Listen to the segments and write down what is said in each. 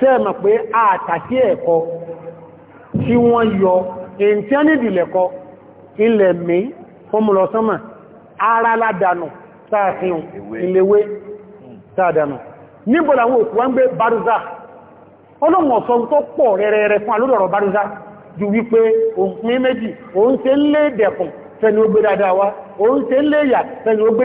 sẹ́ẹ̀mọ̀ pé àtàkí ẹ̀kọ́ tí wọ́n yọ èyí tí a ní ìdìlẹ̀kọ́ ilẹ̀ mí fọ́mùlọ́sánmà ara ládànù sáàfihàn ilewé sáàdànù níbòlà àwọn òkú wọ́n gbé barúzá ọlọ́run ọ̀sọ́ tó pọ̀ rẹ̀rẹ̀rẹ̀ fún alódọ̀rọ̀ barúzá ju wípé òpin méjì òun ṣe ń lé dẹ̀kùn fẹ́ni ó gbé dáadáa wá òun ṣe ń lé yà fẹ́ni ó gbé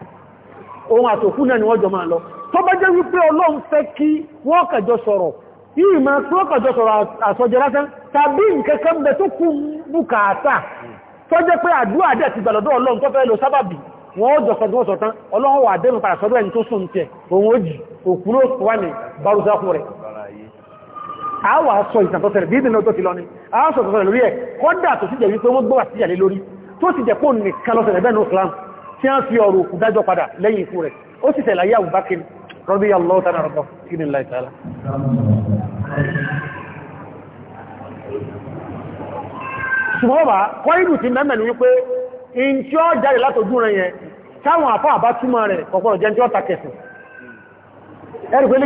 ohun àtòkú náà ni wọ́n jọ máa lọ tó bá jẹ́ wípé ọlọ́run fẹ́ kí wọ́n kẹjọ sọ̀rọ̀ yìí máa pé wọ́n kẹjọ sọ̀rọ̀ àsọjẹ lásán tàbí nkẹ́kẹ́ mbẹ tó kú bùkátà tó jẹ́ pé àdúrà dẹ̀ ti gbà lọ́dọ̀ ọlọ́run tó fẹ́ lọ sábàbì wọ́n jọ sọ̀tún wọ́n sọ̀tán ọlọ́run wà dẹ́nu padà sọ́dọ̀ ẹni tó sùn tẹ̀ òun òjì òkú ló wà ní barúsákún rẹ̀ a wà sọ tí a fi ọ̀rọ̀ òkú dájọ́ padà lẹ́yìn ikú rẹ̀ ó sì tẹ̀lá yà Abubakar radiyallahu ta'ala anhu kí ni láì tààlà ṣùgbọ́nbà kọ́ ìlú ti mẹ́mẹ̀ ní wípé in tí ó jáde látòjú rẹ̀ yẹn táwọn àfá àbá túnmọ̀ rẹ̀ kọ̀kọ̀rọ̀ jẹ́ tí ó takẹsì ẹrùgbélé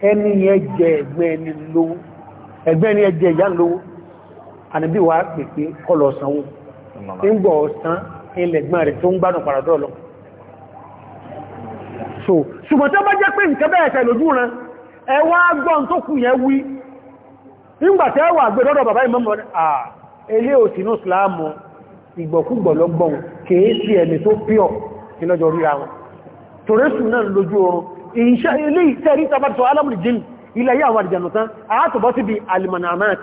ẹni yẹn jẹ ẹgbẹ́ ẹni lówó ẹgbẹ́ ẹni yẹn jẹ ìyá lówó àníbí wà pèpè kọlọ̀ sanwó ń gbọ̀ ọ̀sán ilẹ̀gbọ́n rẹ̀ tó ń gbádùn paradọ́ so ṣùgbọ́n tó bá jẹ́ pé nǹkan bẹ́ẹ̀ ṣe lójú rán ẹwà gbọ́n tó kù yẹn wí nígbàtẹ́ wà gbé lọ́dọ̀ bàbá ìmọ́mọ̀ àà elé òsìnú islamu ìgbọ̀kúgbọ̀lọ́gbọ̀n kèé sí ẹni tó píọ̀ nílọ́jọ́ ríra wọn torésù náà lójú oorun ìṣẹ́ ilé ìtẹ́rí tàbátọ̀ alámùrìjìn ilẹ̀ yà wà ìjànàtán àátọ̀bọ́ sí bí almanamat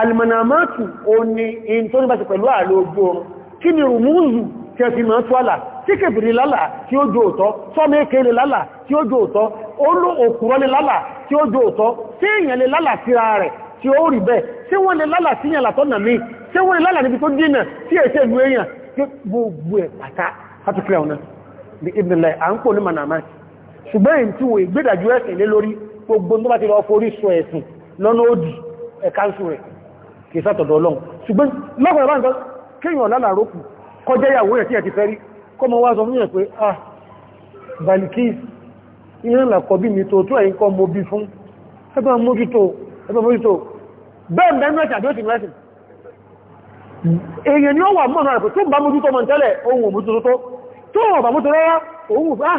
almanamat o ni in tó níbàtí pẹ̀lú ààrẹ ojú oòrùn kí ni rùmúzù tí ẹ fi máa tó àlà tí kèfèrè lálà tí ó jò òtọ́ sọ́mọ́ èkèrè lálà tí ó jò òtọ́ olú òkúrọ́ lè lálà tí ó jò òtọ́ tí èèyàn lè lálà síra rẹ̀ tí ó rí bẹ́ẹ̀ tí ń pò ní manamati ṣùgbọ́n èyí tí wọ́n ìgbédàjú ẹ̀sìn lé lórí gbogbo tó bá ti lọ forí sọ ẹ̀sìn lọ́nà òdì ẹ̀káńsù rẹ̀ kì í sátọ̀dọ̀ ọlọ́run ṣùgbọ́n lọ́kọ̀ọ́ bá ń sọ ah Balikis ìran làkọ̀ bí mi tó tó ẹ̀yìn kọ́ mo bí fún ẹgbẹ́ mójútó ẹgbẹ́ mójútó bẹ́ẹ̀ bẹ́ẹ̀ mẹ́ta àdó ti mẹ́sìn èèyàn ni ó wà mọ́nà rẹ̀ tó bá mójútó mọ̀ tẹ́lẹ̀ ohun òmójútó tó tó ọ̀bà mójútó rárá òun ah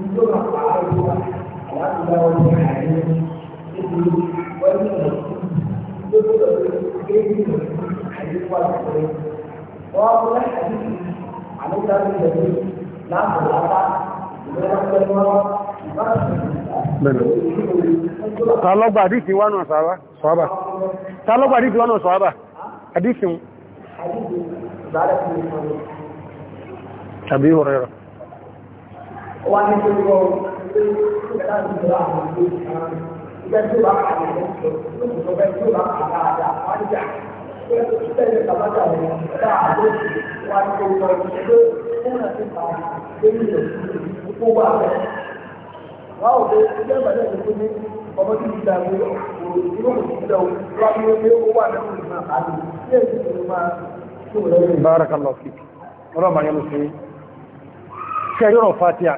tàlọ́gbà àdífin wánà sọ́ábà tàlọ́gbà àdífin wánà sọ́ábà àdífin tàbí ọ̀rẹ́rọ Wọ́n ò tó ẹgbẹ̀rẹ̀ ìpínlẹ̀ ọmọ tí ìdá mi olùdókòwò ti dá o wá bí ó gbé owó àdáhùn ìmọ̀ àlè ní èyí tó ló máa tó lọ́wọ́. é ṣe yọ̀rọ̀ fatia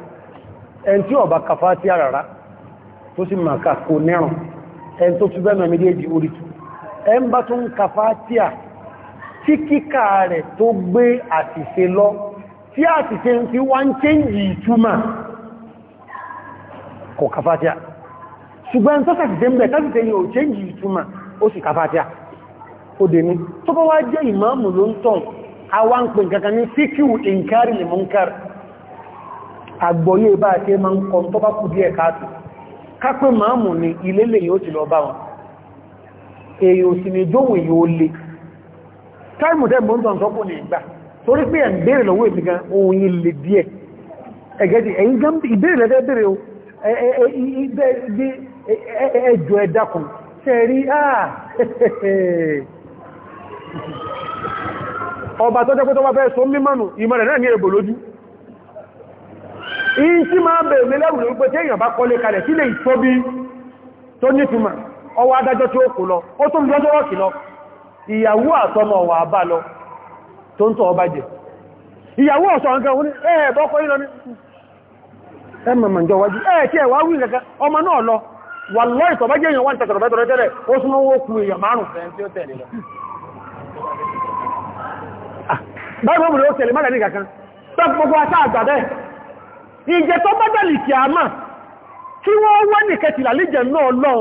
ẹn tí ọba ka fatia rárá tó sì máa ka kò nẹ́rùn ẹn tó tún bẹ́ẹ̀ mẹ́mí déjì orí tu ẹn bá tún ka fatia tí kíkà rẹ̀ tó gbé àtìṣe lọ tí àtìṣe ń fi wá ń chẹ́ǹjì ìtumà kò ka fatia ṣùgbọ́n tó sàti dé ń bẹ̀ tàbí tẹ́yìn ò change ìtumà ó sì kàfàtíà ó dè ní tó bá wá jẹ́ ìmáàmù ló ń tàn àwa ń pè kankan ní fíkíù ìǹkárì lè ni ilé lè yóò ti lọ bá wọn èyàn sì ni jóhùn èyàn ó le táìmù tẹ́ mọ́ ń tàn sọ́pọ̀ ní ìgbà torí pé ẹ̀ ń béèrè lọ́wọ́ èmi gan ohun yìí le díẹ̀ ẹ̀gẹ́ ti ẹ̀yìn gan ìbéèrè ẹjọ́ ẹ̀dàkùn tẹ̀rí àà ọba tó jẹ́ pé tó wá fẹ́ sọ mímọ̀nù ìmọ̀ rẹ̀ náà ní ẹgbò lójú in tí máa bèèrè mi lẹ́rù lórí tí èyàn bá kọ́lé kalẹ̀ sí lè tóbi tó nítumà ọwọ́ adájọ́ tí ó kò lọ ó tó lọ́jọ́ rọ́kì lọ ìyàwó àtọmọ wà bá lọ tó ń tọ́ ọba jẹ ìyàwó lọ wà lọ́ ìtọ̀bájẹ́ èèyàn wọ́n tẹ̀tẹ̀rọ̀ bẹ́tọ̀rọ̀ tẹ́lẹ̀ ó súnmọ́ owó kú èèyàn márùn báyìí mọ́bùnrin ó tẹ̀lé mọ́lẹ̀ ní kankan tó gbogbo àtà àgbàdẹ́ ìjẹ tó bá dẹ̀lì kì á mà kí wọ́n wọ́n ní kẹtìlà lẹ́jẹ̀ náà lọ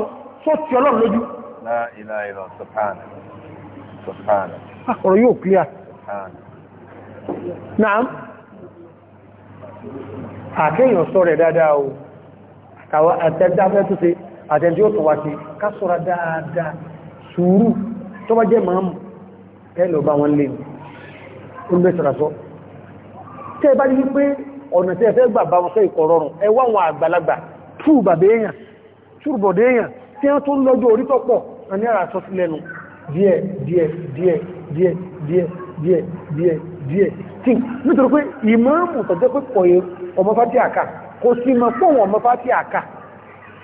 tó ti ọlọ́run lójú ah, ọ̀rọ̀ yóò clear náà àkéèyàn sọ rẹ̀ dáadáa o àtẹ́dáfẹ́ tó ṣe àtẹ̀ntí ó tún wá sí ká sọ́ra dáadáa sùúrù tó bá jẹ́ máàmù ẹlò bá wọn lè oúnjẹ sọ̀rọ̀sọ́ tẹ́ bá ní wípé ọ̀nà tẹ́ fẹ́ gbà bá wọn sọ ìkọ̀ rọrùn ẹwà wọn àgbàlagbà tú bàbá èèyàn túrùbọ̀dé èèyàn tí wọ́n tó ń lọ́jọ́ orí tọ́pọ̀ ní nítorí pé ìmáàmù tọ́jẹ́ pé kọ̀ ọmọ fátí kò sí mọ̀ pọ̀ ọmọ fátí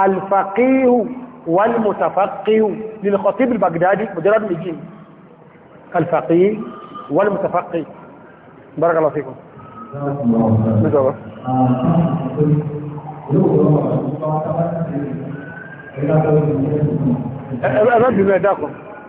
الفقيه والمتفقه للخطيب البغدادي مجرد نجيم الفقيه والمتفقه بارك الله فيكم نجوة أرد بما داكم